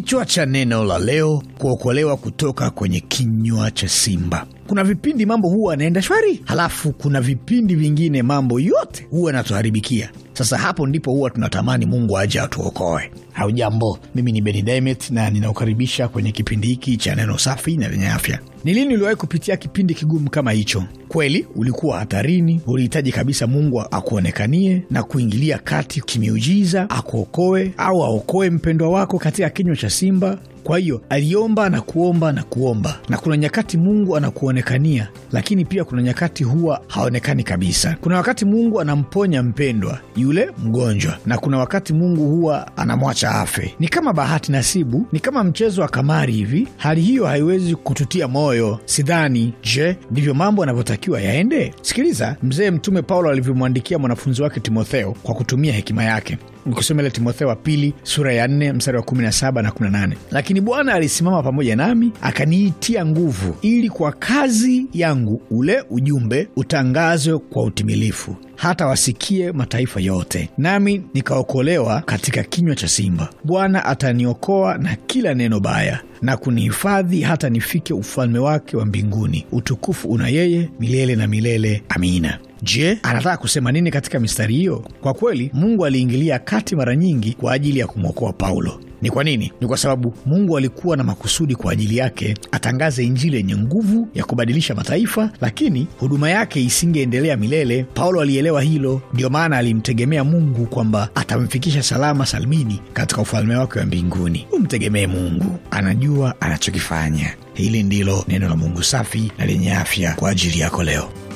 Kichwa cha neno la leo: kuokolewa kutoka kwenye kinywa cha simba. Kuna vipindi mambo huwa yanaenda shwari, halafu kuna vipindi vingine mambo yote huwa yanatuharibikia. Sasa hapo ndipo huwa tunatamani Mungu aje atuokoe. Haujambo, mimi ni Beni Dimet na ninakukaribisha kwenye kipindi hiki cha neno safi na lenye afya. Ni lini uliwahi kupitia kipindi kigumu kama hicho? Kweli ulikuwa hatarini, ulihitaji kabisa Mungu akuonekanie na kuingilia kati kimiujiza, akuokoe au aokoe mpendwa wako katika kinywa cha simba. Kwa hiyo aliomba na kuomba na kuomba, na kuna nyakati Mungu anakuonekania, lakini pia kuna nyakati huwa haonekani kabisa. Kuna wakati Mungu anamponya mpendwa yule mgonjwa, na kuna wakati Mungu huwa anamwacha afe. Ni kama bahati nasibu, ni kama mchezo wa kamari hivi. Hali hiyo haiwezi kututia moyo moyo, sidhani. Je, ndivyo mambo yanavyotakiwa yaende? Sikiliza mzee mtume Paulo alivyomwandikia mwanafunzi wake Timotheo kwa kutumia hekima yake ukisoma ile timotheo wa pili sura ya 4 mstari wa 17 na 18 lakini bwana alisimama pamoja nami akaniitia nguvu ili kwa kazi yangu ule ujumbe utangazwe kwa utimilifu hata wasikie mataifa yote, nami nikaokolewa katika kinywa cha simba. Bwana ataniokoa na kila neno baya na kunihifadhi hata nifike ufalme wake wa mbinguni. Utukufu una yeye milele na milele. Amina. Je, anataka kusema nini katika mistari hiyo? Kwa kweli, Mungu aliingilia kati mara nyingi kwa ajili ya kumwokoa Paulo. Ni kwa nini? Ni kwa sababu Mungu alikuwa na makusudi kwa ajili yake, atangaze Injili yenye nguvu ya kubadilisha mataifa, lakini huduma yake isingeendelea milele. Paulo alielewa hilo, ndiyo maana alimtegemea Mungu kwamba atamfikisha salama salimini katika ufalme wake wa mbinguni. Umtegemee Mungu, anajua anachokifanya. Hili ndilo neno la Mungu safi na lenye afya kwa ajili yako leo.